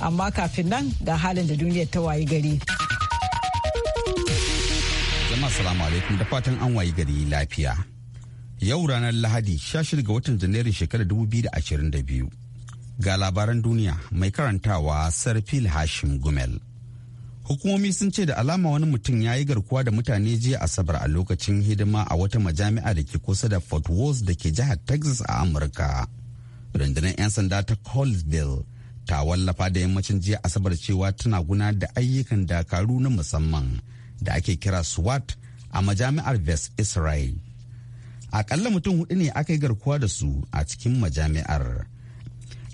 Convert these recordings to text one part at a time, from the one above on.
amma kafin nan ga halin da duniyar ta wayi gari. Jama'a salamu alaikum da fatan an wayi gari lafiya. Yau ranar Lahadi 16 ga watan Janairun shekarar 2022. Ga labaran duniya mai karantawa sir phil Hashim Gumel. Hukumomi sun ce da alama wani mutum ya yi garkuwa da mutane jiya Asabar a lokacin hidima a wata majami'a da ke kusa da Fort Worth da ke jihar Texas a Amurka. Rundunar 'yan sanda ta Colesville ta wallafa da yammacin jiya asabar cewa tana guna da ayyukan dakaru na musamman da ake kira swat a majami'ar West Israel. Akalla mutum hudu ne aka yi garkuwa da su a cikin majami'ar.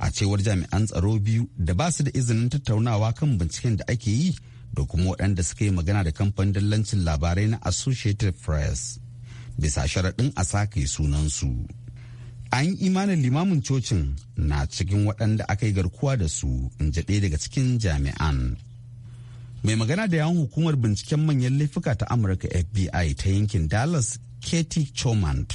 A cewar jami'an tsaro biyu da ba su da izinin tattaunawa kan binciken da ake yi da kuma waɗanda suka yi magana da kamfanin dallancin labarai na Associated Press. Bisa sharaɗin a sake sunansu. an yi imanin limamin cocin na cikin waɗanda aka yi garkuwa da su in ji daga cikin jami'an mai magana da yawon hukumar binciken manyan laifuka ta amurka fbi ta yankin dallas katie chomant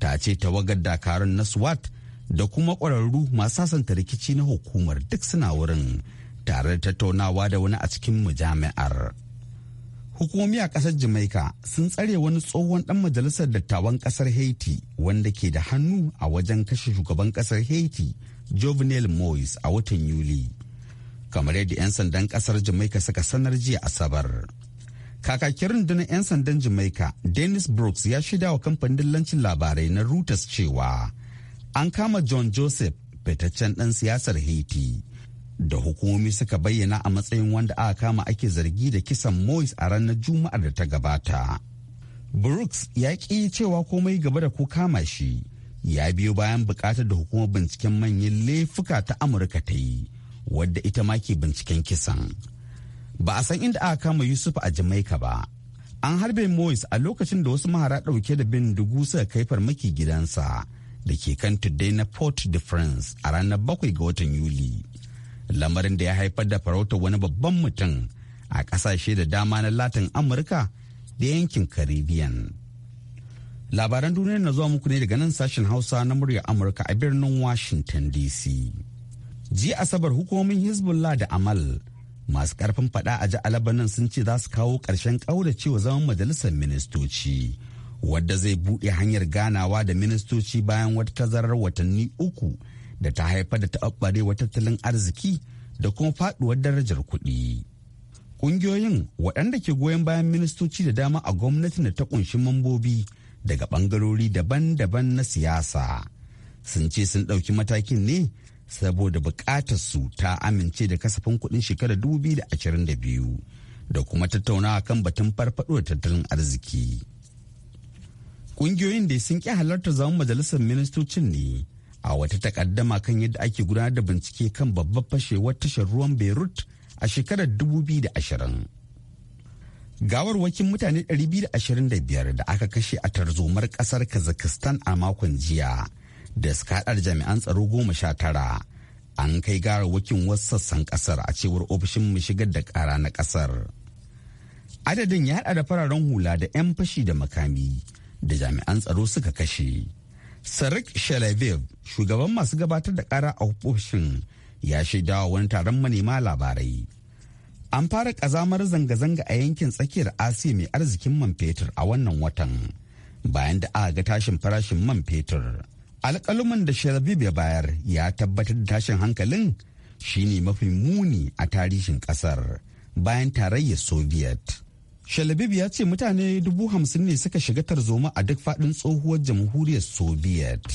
ta ce tawagar dakarun na swat da kuma ƙwararru masu sasanta rikici na hukumar duk suna wurin tare da tattaunawa da wani a cikin mujami'ar. hukumomi a kasar jamaika sun tsare wani tsohon dan majalisar dattawan kasar haiti wanda ke da hannu a wajen kashe shugaban kasar haiti jovenel moyes a watan yuli kamar yadda 'yan sandan kasar jamaika suka sanar jiya asabar kakakin rundunar 'yan sandan jamaica dennis brooks ya shaida wa kamfanin lancin labarai na reuters cewa an kama john joseph fitaccen dan siyasar haiti da hukumomi suka bayyana a matsayin wanda aka kama ake zargi da kisan Moyes a ranar Juma'ar da ta gabata. Brooks ya ƙi cewa komai gaba da ko kama shi ya biyo bayan buƙatar da hukumar binciken manyan laifuka ta Amurka ta yi wadda ita ma ke binciken kisan. Ba a san inda aka kama Yusuf a Jamaika ba. An harbe Moyes a lokacin da wasu mahara ɗauke da bindigu suka kai farmaki gidansa da ke kan tuddai na Port de France a ranar bakwai ga watan Yuli. lamarin da ya haifar da farautar wani babban mutum a ƙasashe da dama na latin amurka da yankin caribbean labaran duniya na zuwa muku ne daga nan sashen hausa na murya amurka a birnin washington dc ji asabar hukumomin hezbollah da amal masu karfin fada a ji alabanan sun ce za su kawo ƙarshen ƙauracewa zaman majalisar ministoci wadda zai buɗe hanyar ganawa da ministoci bayan wata tazarar watanni uku da ta haifar da taɓarɓarewar tattalin arziki da kuma faɗuwar darajar kuɗi. Ƙungiyoyin waɗanda ke goyon bayan ministoci da dama a gwamnati da ta ƙunshi mambobi daga ɓangarori daban-daban na siyasa sun ce sun ɗauki matakin ne saboda buƙatar su ta amince da kasafin kuɗin shekarar 2022 da da biyu. kuma tattaunawa kan batun farfaɗo da tattalin arziki. Ƙungiyoyin da sun ƙi halartar zaman majalisar ministocin ne a wata takaddama kan yadda ake gudanar da bincike kan babbar fashewar tashar ruwan beirut a shekarar 2020 wakin mutane 225 da aka kashe a tarzomar kasar kazakhstan a makon jiya da suka jami'an tsaro goma sha tara an kai wakin wasu sassan kasar a cewar ofishin mu shigar da kara na kasar adadin ya hada da fararen hula da 'yan fashi da makami da jami'an tsaro suka kashe. sarik shalaviv shugaban masu gabatar da kara a ofishin ya shaidawa wani taron manema labarai an fara kazamar zanga-zanga a yankin tsakiyar asiya mai arzikin man fetur a wannan watan bayan da aka ga tashin farashin man fetur alƙaluman da shalabib ya bayar ya tabbatar da tashin hankalin shine mafi muni a tarihin ƙasar bayan tarayyar soviet Shalabib ya ce mutane dubu hamsin ne suka shiga tarzoma a duk faɗin tsohuwar jamhuriyar Soviet.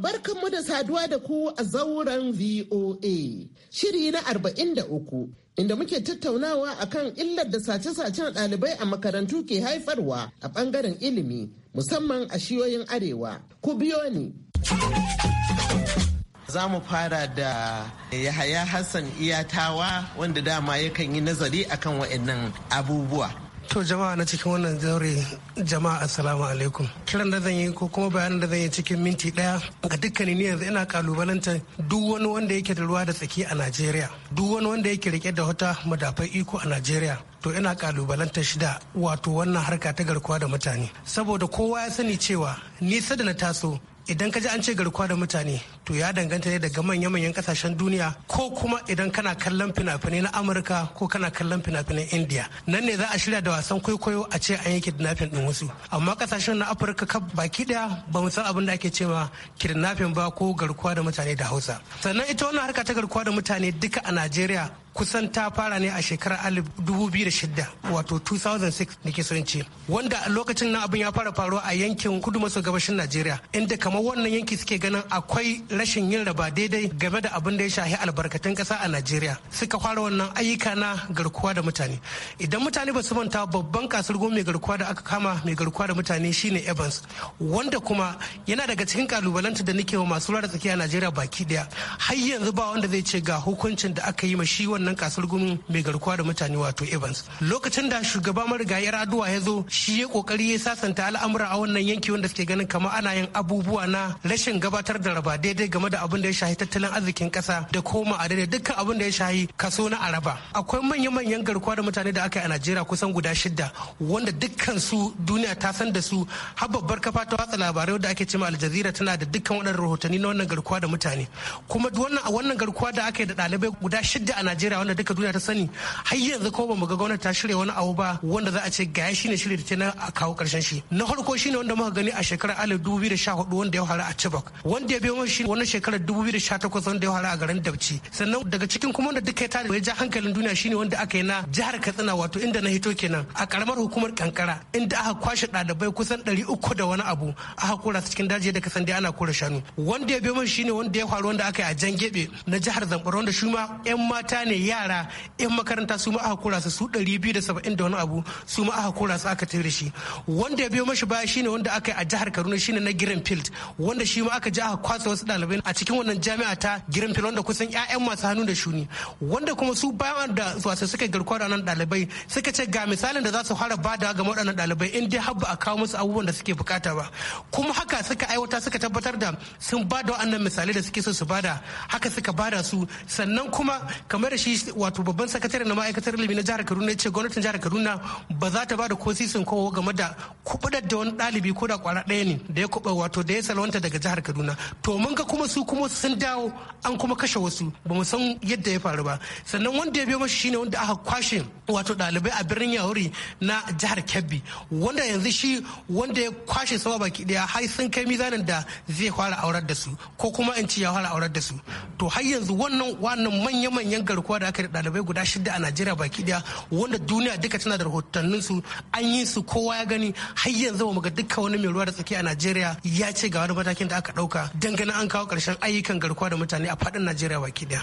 barkanmu da saduwa da ku a zauren VOA. Shiri na 43 inda muke tattaunawa akan illar da sace-sacen ɗalibai a makarantu ke haifarwa a ɓangaren ilimi musamman a shiyoyin arewa. Ku biyo ni. za mu fara da yahaya hassan iyatawa wanda dama yakan yi nazari akan waɗannan abubuwa To jama'a na cikin wannan zaure jama'a assalamu alaikum. Kiran da zan yi ko kuma bayanan da zan yi cikin minti daya ga dukkanin ni yanzu ina kalubalanta duk wani wanda yake da ruwa da tsaki a Najeriya. Duk wani wanda yake rike da wata madafai iko a Najeriya. To ina kalubalanta shida wato wannan harka ta garkuwa da mutane. Saboda kowa ya sani cewa nisa da na taso idan ka ji an ce garkuwa da mutane to ya danganta ne daga manya-manyan kasashen duniya ko kuma idan kana kallon fina-finai na amurka ko kana kallon fina-finan india nan ne za a shirya da wasan kwaikwayo a ce an yi kidnapping din wasu amma kasashen na afirka ka baki daya ba mu san abin da ake cewa kidnapping ba ko garkuwa da mutane da hausa sannan ita wannan harka ta garkuwa da mutane duka a najeriya kusan ta fara ne a shekarar 2006 wato 2006 nake ke son ce wanda a lokacin na abin ya fara faruwa a yankin kudu maso gabashin najeriya inda kamar wannan yanki suke ganin akwai rashin yin raba daidai game da abin da ya shahi albarkatun kasa a najeriya suka fara wannan ayyuka na garkuwa da mutane idan mutane ba su manta babban kasar goma mai garkuwa da aka kama mai garkuwa da mutane shine evans wanda kuma yana daga cikin kalubalanta da nake wa masu ruwa da tsakiya najeriya baki daya har yanzu ba wanda zai ce ga hukuncin da aka yi ma shi wannan wannan kasar gumin mai garkuwa da mutane wato evans lokacin da shugaba marigayi aduwa ya zo shi ya kokari ya sasanta al'amura a wannan yanki wanda suke ganin kama ana yin abubuwa na rashin gabatar da raba daidai game da abin da ya shahi tattalin arzikin kasa da koma a daidai dukkan abin da ya shahi kaso na araba akwai manya-manyan garkuwa da mutane da aka yi a najeriya kusan guda shida wanda dukkan su duniya ta san da su har babbar kafa ta watsa labarai da ake cewa aljazira tana da dukkan waɗannan rahotanni na wannan garkuwa da mutane kuma wannan wannan garkuwa da aka da ɗalibai guda shida a shirya wanda duka duniya ta sani har yanzu ko ba ga gwamnati ta shirya wani abu ba wanda za a ce ga shi ne shirya ta na a kawo karshen shi na farko shi ne wanda muka gani a shekarar alif dubu da sha hudu wanda ya fara a chibok wanda ya biyo shi wani shekarar dubu da sha takwas wanda ya fara a garin dabci sannan daga cikin kuma wanda duka ya tare ya ja hankalin duniya shine wanda aka yi na jihar katsina wato inda na hito kenan a karamar hukumar kankara inda aka kwashe ɗalibai kusan ɗari uku da wani abu aka kora su cikin daji da kasan ana kura shanu wanda ya biyo ne wanda ya faru wanda aka yi a jan gebe na jihar zamfara wanda shi ma 'yan mata ne yara 'yan makaranta su ma aka kora su su 270 da wani abu su ma aka kora su aka tare shi wanda ya biyo mashi baya shine wanda aka yi a jihar Kaduna shine na Greenfield wanda shi ma aka ji aka kwasa wasu ɗalibai a cikin wannan jami'a ta Greenfield wanda kusan 'ya'yan masu hannu da shuni wanda kuma su bayan da wasu suka garkuwa da nan ɗalibai suka ce ga misalin da za su fara bada ga waɗannan ɗalibai in dai har ba a kawo musu abubuwan da suke bukata ba kuma haka suka aiwata suka tabbatar da sun ba da waɗannan misalai da suke so su bada haka suka bada su sannan kuma kamar da shi wato babban sakatare na ma'aikatar ilimi na jihar kaduna ya ce gwamnatin jihar kaduna ba za ta ba da kosisin kowa game da kubutar da wani ɗalibi ko da kwara ɗaya ne da ya kuɓa wato da ya salwanta daga jihar kaduna to mun ga kuma su kuma sun dawo an kuma kashe wasu ba mu san yadda ya faru ba sannan wanda ya biyo mashi shine wanda aka kwashe wato ɗalibai a birnin yauri na jihar kebbi wanda yanzu shi wanda ya kwashe sama baki ɗaya har sun kai mizanin da zai fara aurar da su ko kuma in ci ya fara aurar da su to har yanzu wannan wannan manya-manyan garkuwa da aka yi guda shida a najeriya baki daya wanda duniya duka tana da rahotannin su an yi su kowa ya gani har yanzu mu ga dukkan wani mai ruwa da tsaki a najeriya ya ce ga wani matakin da aka ɗauka dangane an kawo karshen ayyukan garkuwa da mutane a faɗin najeriya baki daya.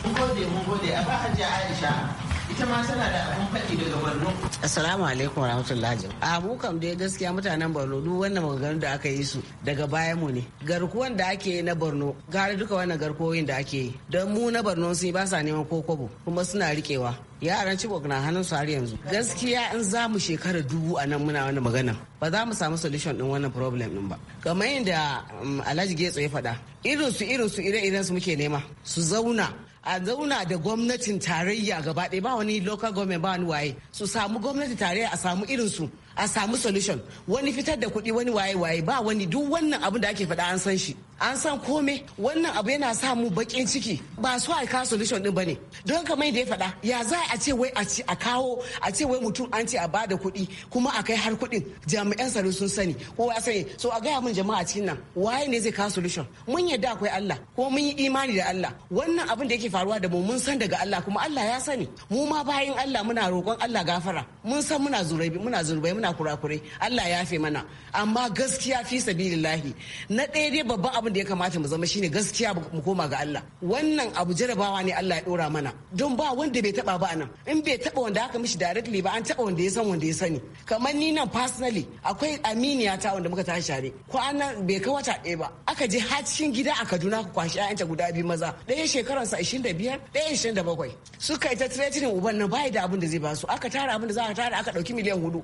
ita ma tana da faɗi daga Borno. Assalamu alaikum warahmatullahi A mu kam dai gaskiya mutanen Borno duk wannan maganganun da aka yi su daga baya mu ne. Garkuwan da ake na Borno gara duka wannan garkuwoyin da ake yi. Don mu na Borno sun ba sa neman kokobo kuma suna riƙewa. yaran Chibok na hannun su har yanzu gaskiya in za mu shekara dubu a nan muna wani magana ba za mu samu solution din wannan problem din ba kamar yadda um, alhaji getso ya faɗa irin su irin su ire iren su muke nema su zauna a zauna da gwamnatin tarayya gaba ɗaya ba wani local government ba wani waye su samu gwamnatin tarayya a samu irin su a samu solution wani fitar da kuɗi wani waye waye ba wani duk wannan abin da ake faɗa an san shi an san komai wannan abu yana sa mu bakin ciki ba su aika solution din bane don kamar da ya faɗa ya za a ce wai a ci a kawo a ce wai mutum an ce a bada kuɗi kuma a kai har kuɗin jami'an tsaro sun sani ko a sani so a gaya mun jama'a cikin nan waye ne zai kawo solution mun yarda akwai Allah ko mun yi imani da Allah wannan abin da yake faruwa da mu mun san daga Allah kuma Allah ya sani mu ma bayan Allah muna roƙon Allah gafara mun san muna zurai muna zurbai muna kurakurai Allah ya fi mana amma gaskiya fi sabilillahi na ɗaya dai babban abin abin da ya kamata mu zama shine gaskiya mu koma ga Allah wannan abu jarabawa ne Allah ya dora mana don ba wanda bai taba ba nan in bai taba wanda aka mishi directly ba an taba wanda ya san wanda ya sani kamar ni nan personally akwai aminiya ta wanda muka tashi tare kwanan bai kawata wata ɗaya ba aka je har cikin gida a Kaduna ku kwashi ta guda biyu maza ɗaya sa 25 ɗaya 27 suka yi ta tretinin uban nan bai da abin da zai ba su aka tara abin da za a tara aka ɗauki miliyan hudu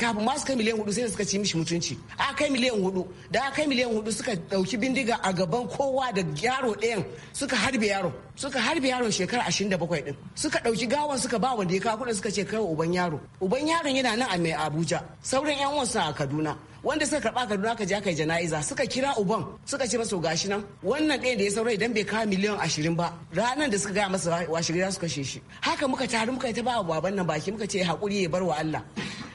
kafin ma su kai miliyan hudu sai suka ci mishi mutunci aka kai miliyan hudu da aka kai miliyan hudu suka dauki bindiga a gaban kowa da yaro ɗayan suka harbe yaro suka harbe yaron shekara 27 din suka ɗauki gawan suka ba wanda ya kawo kuɗin suka ce kai uban yaro uban yaron yana nan a mai Abuja sauran yan uwansa a Kaduna wanda suka karba Kaduna ka je aka jana'iza suka kira uban suka ce masa gashi nan wannan ɗayan da ya saurari idan bai kawo miliyan 20 ba ranar da suka gaya masa washe gida suka kashe shi haka muka taru muka ta ba baban nan baki muka ce hakuri ya bar wa Allah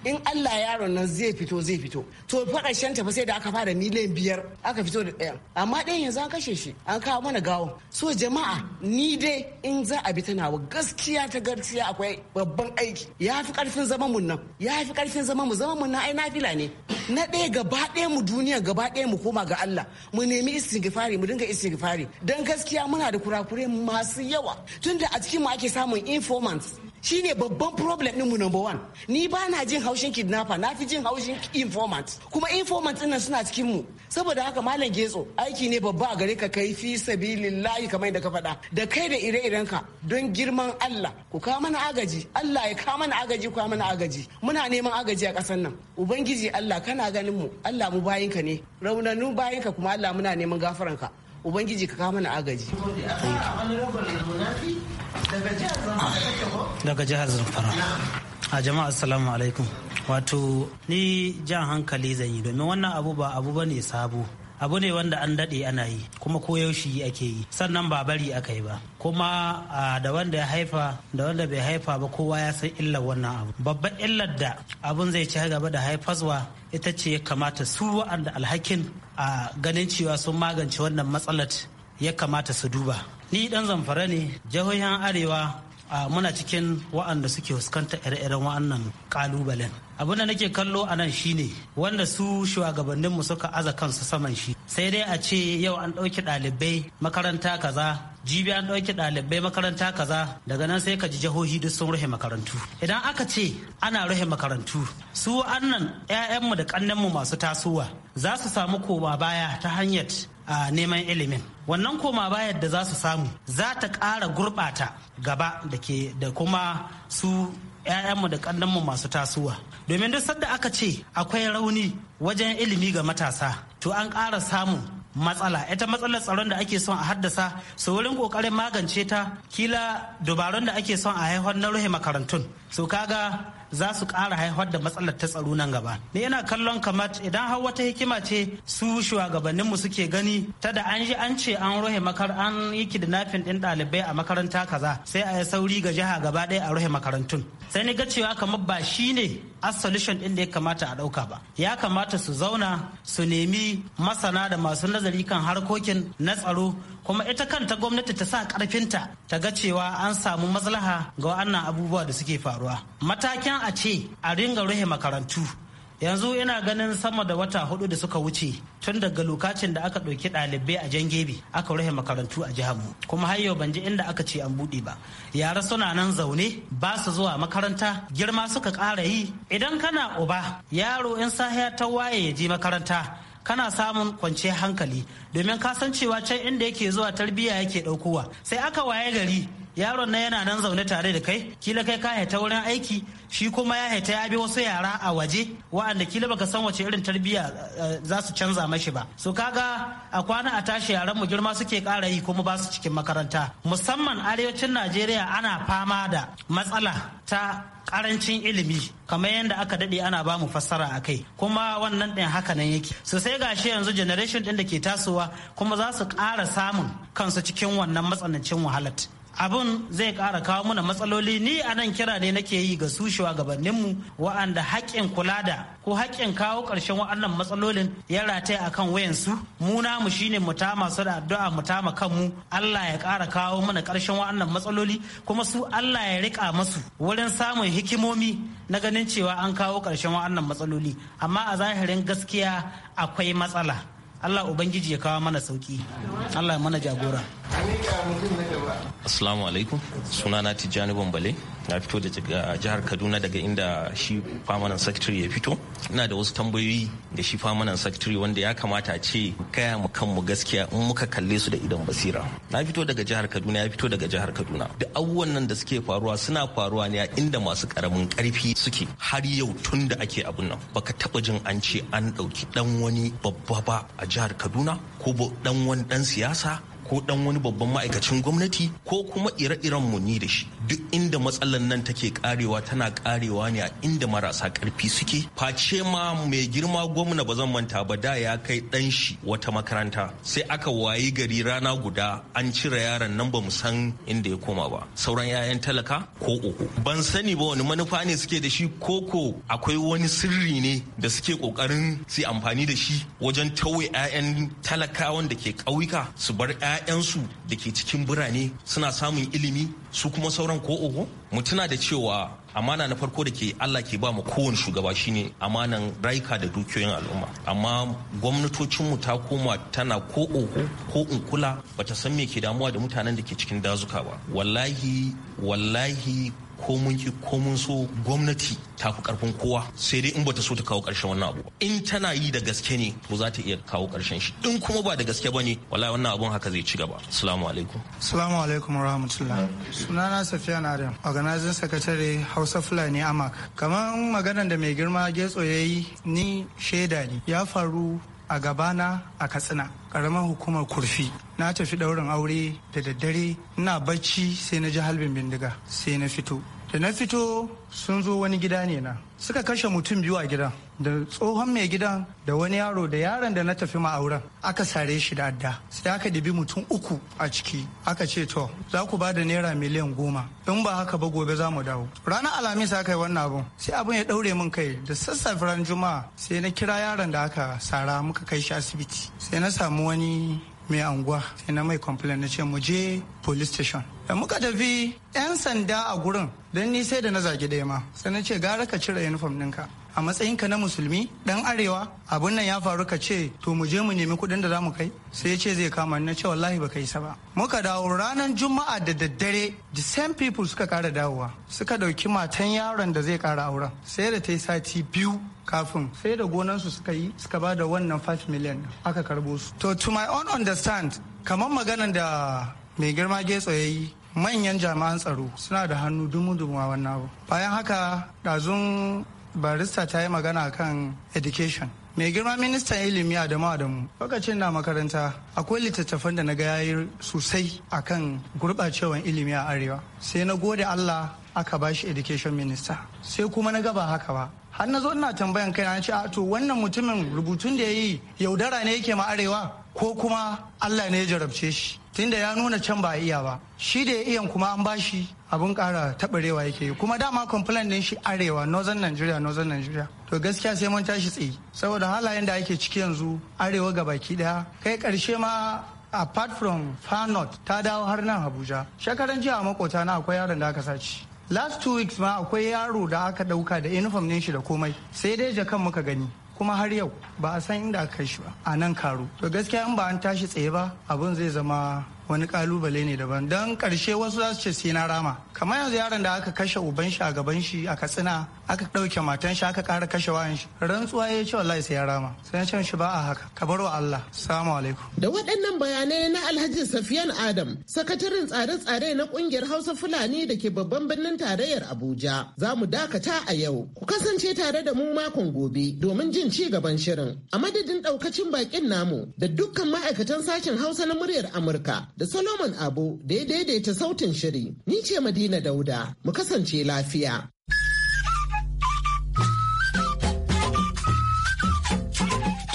in Allah yaron nan zai fito zai fito to fa karshen ta fa sai da aka fara miliyan biyar aka fito da ɗayan amma ɗayan yanzu an kashe shi an kawo mana gawon so jama'a ni dai in za a bi ta nawa gaskiya ta gaskiya akwai babban aiki ya fi karfin zaman mu nan ya fi karfin zaman mu zaman mu nan ai nafila ne na ɗaya gaba ɗaya mu duniya gaba ɗaya mu koma ga Allah mu nemi istighfari mu dinga istighfari dan gaskiya muna da kurakure masu yawa tunda a cikin mu ake samun informants shine babban problem mu number one ni ba na jin haushin kidnapper na fi jin haushin informant kuma informant ɗin suna cikin mu saboda haka malam getso aiki ne babba a gare ka kai fi sabilillahi kamar da ka faɗa da kai da ire-iren ka don girman Allah ku kawo mana agaji Allah ya kawo mana agaji ku mana agaji muna neman agaji a ƙasar nan ubangiji Allah kana ganin mu Allah mu bayin ka ne raunanu ka kuma Allah muna neman gafaranka ubangiji ka kawo mana agaji. daga jihar zamfara a jama'a assalamu alaikum wato ni jan hankali zan yi domin wannan abu ba abu ba ne sabo abu ne wanda an daɗe ana yi kuma koyaushe ake yi sannan ba bari aka yi ba kuma da wanda ya haifa da wanda bai haifa ba kowa ya san illar wannan abu babban illar da abun zai ci gaba da haifaswa ita ce ya kamata su wa'anda alhakin a ganin cewa sun magance wannan matsalar ya kamata su duba ni dan zamfara ne jihohin arewa a muna cikin wa'anda suke fuskantar ire-iren wa'annan kalubalen abin da nake kallo a nan shine wanda su shugabanninmu suka aza kansu saman shi sai dai a ce yau an ɗauki ɗalibai makaranta kaza jibi an ɗauki ɗalibai makaranta kaza daga nan sai ka ji jihohi duk sun rufe makarantu idan aka ce ana rufe makarantu su annan 'ya'yanmu da kannenmu masu tasowa za su samu koma baya ta hanyar a neman ilimin wannan koma bayar da za su samu za ta ƙara gurɓata gaba da ke da kuma su 'ya'yanmu da ƙannanmu masu tasowa domin duk sadda aka ce akwai rauni wajen ilimi ga matasa to an ƙara samu matsala ita matsalar tsaron da ake son a haddasa su wurin kokarin magance ta kila dubarun da ake son a haihuwar na ruhe makarantun so kaga za su kara haifar da matsalar ta tsaro nan gaba ni ina kallon kamar idan har wata hikima ce su shugabanninmu suke gani ta da an ji an ce an rohe makar an yi kidnapping din ɗalibai a makaranta kaza sai a yi sauri ga jiha gaba ɗaya a rohe makarantun sai ni ga cewa kamar ba shi ne solution ɗin da ya kamata a ɗauka ba ya kamata su zauna su nemi masana da masu nazari kan harkokin na tsaro kuma ita kanta gwamnati ta sa karfinta ta ga cewa an samu maslaha ga wannan abubuwa da suke faruwa matakin a ce a ringa ruhe makarantu yanzu ina ganin sama da wata hudu da suka wuce tun daga lokacin da aka ɗauki ɗalibai a jan gebe aka rufe makarantu a jihar mu kuma har ban ji inda aka ce an buɗe ba yara suna nan zaune ba su zuwa makaranta girma suka ƙara yi idan kana uba yaro in sahiya ta waye ya je makaranta kana samun kwanciyar hankali domin kasancewa can inda yake zuwa tarbiyya yake ɗaukowa sai aka waye gari yaron na yana nan zaune tare da kai kila kai ka haita wurin aiki shi kuma ya haita ya bi wasu yara a waje wa'anda kila baka san wace irin tarbiyya eh, za su canza mashi ba so kaga a kwana a tashi yaran mu girma suke ƙara yi kuma ba su cikin makaranta musamman arewacin najeriya ana fama da matsala ta karancin ilimi kamar yadda aka dade ana ba mu fassara a kai kuma wannan din haka nan yake so sai gashi yanzu generation din da ke tasowa kuma za su ƙara samun kansu cikin wannan matsanancin wahalat abin zai kara kawo mana matsaloli ni a nan kira ne nake yi ga su shugabanninmu wa'anda haƙƙin kula da ko haƙƙin kawo ƙarshen wa'annan matsalolin ya rataya a kan wayansu mu namu shine mu ta masu da addu'a mu ta kanmu Allah ya ƙara kawo mana ƙarshen wa'annan matsaloli kuma su Allah ya rika masu wurin samun hikimomi na ganin cewa an kawo ƙarshen wa'annan matsaloli amma a zahirin gaskiya akwai matsala Allah Ubangiji ya kawo mana sauki. Allah mana jagora. Assalamu alaikum. Sunana Tijjani Bambale. Na fito da jihar Kaduna daga inda shi famanan secretary ya fito. Ina da wasu tambayoyi da shi famanan secretary wanda ya kamata a ce kaya mu kanmu gaskiya in muka kalle su da idan basira. Na fito daga jihar Kaduna ya fito daga jihar Kaduna. Da abubuwan nan da suke faruwa suna faruwa ne a inda masu karamin karfi suke har yau tun da ake abun nan. Baka taba jin an ce an ɗauki ɗan wani babba ba a jihar kaduna ko dan wani dan siyasa ko dan wani babban ma'aikacin gwamnati ko kuma ire-iren muni da shi duk inda matsalar nan take karewa tana karewa ne a inda marasa karfi suke face ma mai girma gwamna ba zan manta ba da ya kai dan shi wata makaranta sai aka wayi gari rana guda an cire yaron nan ba mu san inda ya koma ba sauran yayan talaka ko uku ban sani ba wani manufa ne suke da shi ko ko akwai wani sirri ne da suke kokarin su amfani da shi wajen tauye 'ya'yan talaka wanda ke kauyuka su bar 'ya'yan 'ya'yansu da ke cikin birane suna samun ilimi su kuma sauran ko oho mu tuna da cewa amana na farko da ke Allah ke ba mu kowane shugaba shine amanan rayuka da dukiyoyin al'umma amma gwamnatocin mu ta koma tana ko oho ko unkula bata san me ke damuwa da mutanen da ke cikin dazuka ba wallahi wallahi ko mun ki ko mun so gwamnati ta fi karfin kowa sai dai in bata so ta kawo karshen wannan abu in tana yi da gaske ne to za ta iya kawo karshen shi in kuma ba da gaske bane wallahi wannan abun haka zai ci gaba assalamu alaikum assalamu alaikum rahmatullah sunana safiyan adam organizing secretary hausa fulani amak kamar maganar da mai girma getso yayi ni shaida ne ya faru a gabana a katsina karamar hukumar kurfi na tafi daurin aure da daddare ina bacci sai na ji halbin bindiga sai na fito da na fito sun zo wani gida ne na suka kashe mutum biyu a gidan da tsohon mai gidan da wani yaro da yaron da na tafi ma auren aka sare shi da adda sai aka dibi mutum uku a ciki aka ce to za ku ba da naira miliyan goma in ba haka ba gobe za mu dawo ranar alhamis aka yi wannan abun sai abun ya daure min kai da sassafe ran juma'a sai na kira yaron da aka sara muka kai shi asibiti sai na samu wani mai anguwa sai na mai complain na ce mu je police station da muka tafi yan sanda a gurin don ni sai da na zagi daya ma sai na ce gara ka cire uniform ɗinka a matsayinka na musulmi dan arewa abun nan ya faru ka ce to mu je mu nemi kuɗin da zamu kai sai ya ce zai kama na ce wallahi baka sa ba muka dawo ranar juma'a da daddare the same people suka kara dawowa suka dauki matan yaron da zai kara auren sai da ta yi sati biyu kafin sai da su suka yi suka ba da wannan 5 million aka karbo su to to my own understand kamar maganan da mai girma getso ya yi manyan jami'an tsaro suna da hannu dumu-dumu a wannan abu bayan haka ɗazun barista ta yi magana kan education mai girma ministan ilimi a adamu adamu lokacin na makaranta akwai littattafan da na ga yayi sosai akan gurɓacewan ilimi a arewa sai na gode allah aka ba shi education minister sai kuma na gaba haka ba har na zo ina tambayan kai na ce a to wannan mutumin rubutun da ya yi yaudara ne yake ma arewa ko kuma allah ne ya jarabce shi da ya nuna can ba iya ba shi da ya iyan kuma an bashi abun kara taɓarewa yake yi kuma dama complain din shi arewa northern nigeria northern nigeria to gaskiya sai mun tashi tsayi. saboda halayen da ake ciki yanzu arewa ga baki daya kai karshe ma apart from far north ta dawo har nan abuja shekaran jiya a makota na akwai yaron da aka sace. last two weeks ma akwai yaro da aka ɗauka da uniform din shi da komai sai dai jakan muka gani kuma har yau ba a san inda aka shi ba a nan karo to gaskiya in ba an tashi tsaye ba Abun zai zama wani kalubale ne daban don karshe wasu za su ce sai na rama kamar yanzu yaron da aka kashe uban shi a gaban shi a katsina aka ɗauke matan shi aka ƙara kashe wayan shi rantsuwa ya ce wallahi sai ya rama sai ya shi ba a haka ka bar wa Allah salamu alaikum da waɗannan bayanai na Alhaji Safiyan Adam sakataren tsare-tsare na ƙungiyar Hausa Fulani da ke babban birnin tarayyar Abuja za mu dakata a yau ku kasance tare da mu makon gobe domin jin ci gaban shirin a madadin ɗaukacin bakin namu da dukkan ma'aikatan sashen Hausa na muryar Amurka da Solomon Abo da ya daidaita sautin shiri ni ce Madina Dauda mu kasance lafiya.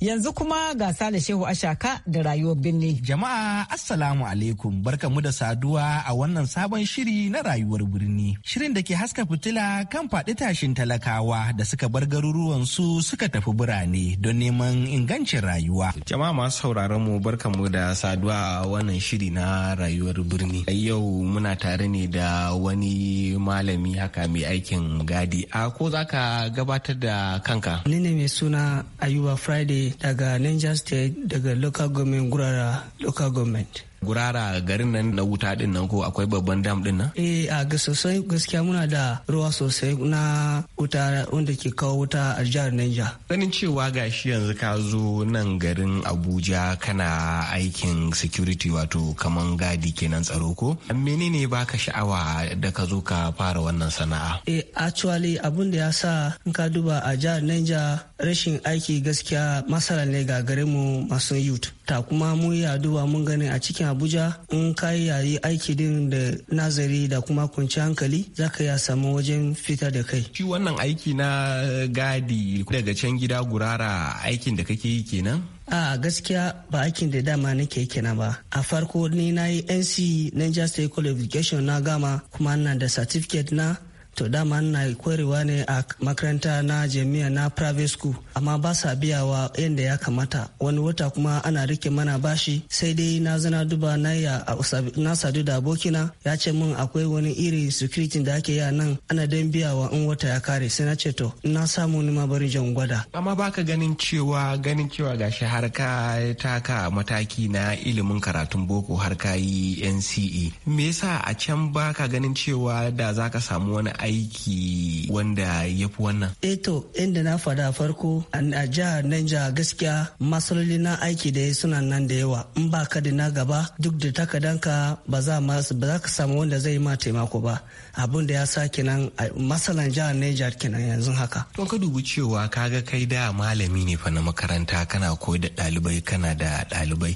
Yanzu kuma ga Sale Shehu Ashaka da rayuwar birni. Jama'a Assalamu alaikum mu da saduwa a wannan sabon shiri na rayuwar birni. Shirin da ke haska fitila kan faɗi tashin talakawa da suka bar garuruwan su suka tafi birane don neman ingancin rayuwa. Jama'a masu sauraron mu mu da saduwa a wannan shiri na rayuwar birni. Yau muna tare ne da wani malami haka mai aikin gadi. A ko za gabatar da kanka? Ni ne mai suna Ayuba Friday daga Niger State daga local government gurara local government. gurara garin nan na wuta din nan ko akwai babban dam din nan? Eh a ga sosai gaskiya muna da ruwa sosai na wuta wanda ke kawo wuta a jihar Niger. Ganin cewa gashi yanzu ka zo nan garin Abuja kana aikin security wato kaman gadi kenan tsaro ko? Menene baka sha'awa da ka zo ka fara wannan sana'a? Eh actually abun da ya sa in ka duba a jihar Niger rashin aiki gaskiya masala ne ga garin mu masu youth. Ta kuma mu ya duba mun gani a cikin abuja in ka yayi aiki din da nazari da kuma kunci hankali za ka ya samu wajen fita da kai shi wannan aiki na gadi daga can gida gurara aikin da kake yi kenan a gaskiya ba aikin da dama nake kenan ba a farko ni na yi nc niger state college education na gama kuma na da certificate na to dama na kwarewa ne a makaranta na jami'a na private school amma ba sa biyawa yadda ya kamata wani wata kuma ana rike mana bashi sai dai na zana duba na ya na sadu da abokina ya ce min akwai wani iri security da ake yi nan ana dan biyawa in wata ya kare sai na ce to na samu ni ma bari jan gwada amma baka ganin cewa ganin cewa gashi har ka taka mataki na ilimin karatun boko har ka yi NCE me yasa a can baka ganin cewa da zaka samu wani aiki wanda ya fi wannan? Eto eh inda na fada farko a jihar Niger gaskiya masaloli na aiki da ya suna nan da yawa in ba ka da na gaba duk da takadanka ba za ka samu wanda zai ma taimako ba abin da ya sa kenan masalan jihar neja kenan yanzu haka. To ka dubi cewa ka ga kai da malami ne fa na makaranta kana koyi da ɗalibai kana da ɗalibai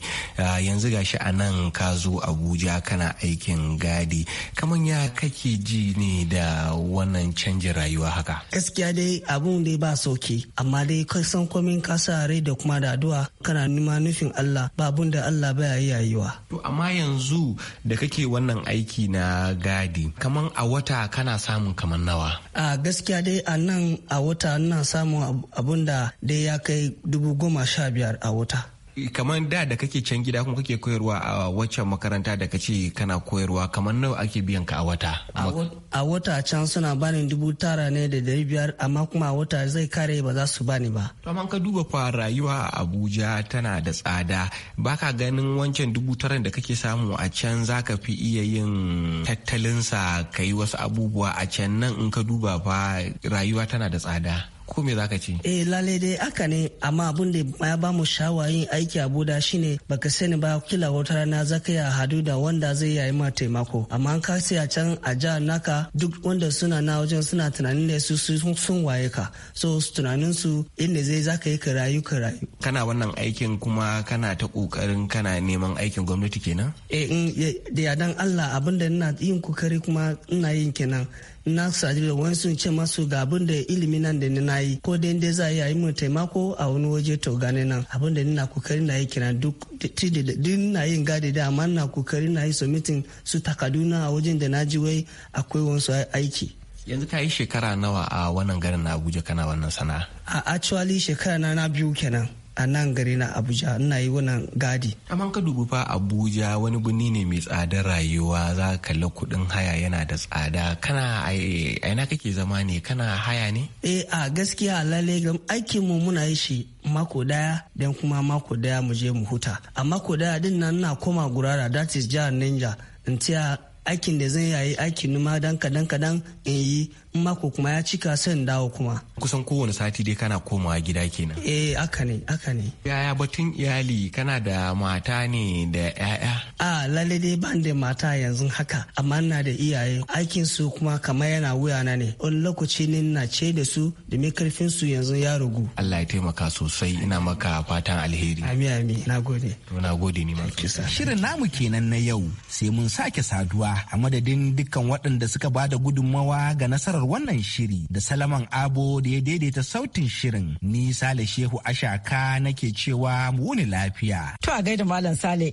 yanzu gashi a nan ka zo Abuja kana aikin gadi kamar ya kake ji ne da wannan canjin rayuwa haka gaskiya dai abun dai ba sauki amma dai kai san komin ka sa rai da kuma da addu'a kana nima nufin Allah ba abun da Allah baya yayiwa to amma yanzu da kake wannan aiki na gadi kaman a wata kana samun kaman nawa a gaskiya dai a nan a wata ina samun abun da dai ya kai dubu goma sha biyar a wata kamar da da kake can gida kuma kake koyarwa a waccan makaranta da kace kana koyarwa kamar nawa ake biyan ka a wata a wata can suna bani dubu tara ne da dari biyar amma kuma a wata zai kare ba za su bani ba to amma ka duba fa rayuwa a abuja tana da tsada baka ganin wancan dubu tara da kake samu a can zaka fi iya yin tattalinsa ka yi wasu abubuwa a can nan in ka duba fa rayuwa tana da tsada ko me zaka ce eh lalle dai haka ne amma abun da ya bamu mu aiki a buda shine baka sani ba kila wata rana zaka ya hadu da wanda zai yayi ma taimako amma an ka a can a jihar naka duk wanda suna na wajen suna tunanin da su sun waye ka so tunanin su inda zai zaka yi ka rayu ka kana wannan aikin kuma kana ta kokarin kana neman aikin gwamnati kenan eh da yadan Allah abin da ina yin kokari kuma ina yin kenan na su ajiye wani sun ce masu ga abin da ilimi nan da ni yi ko dai dai za a yi mun taimako a wani waje to gane nan abin da ni na kokari na yi kiran duk din na yin gadi da amma na kokari na yi submitting su takaduna a wajen da na ji wai akwai wasu aiki yanzu ka yi shekara nawa a wannan garin na abuja kana wannan sana'a a actually shekara na na biyu kenan a nan gari na abuja ina yi wannan gadi amma ka dubu fa abuja wani birni ne mai tsadar rayuwa za ka kalli kuɗin haya yana da tsada kana aina kake zama ne kana haya ne eh a gaskiya lalle ga aikin mu muna yi shi mako daya dan kuma mako daya mu je mu huta a mako daya din nan na koma gurara that is jihar ninja in aikin da zan yayi aikin numa dan kadan kadan in yi mako kuma ya cika sai dawo kuma kusan kowane sati dai kana komawa gida kenan eh aka ne aka ne yaya batun iyali kana da mata ne da yaya a lalle dai ban da mata yanzu haka amma ina da iyaye aikin su kuma kamar yana wuya na ne wani lokaci ne na ce da su da mai karfin su yanzu ya rugu Allah ya taimaka sosai ina maka fatan alheri amin amin nagode to nagode ni ma shirin namu kenan na yau sai mun sake saduwa a madadin dukkan waɗanda suka bada gudunmawa ga nasarar nasarar wannan shiri da Salaman Abo da ya daidaita sautin shirin. Ni Sale Shehu Ashaka nake cewa mu wuni lafiya. To a gaida Malam Sale.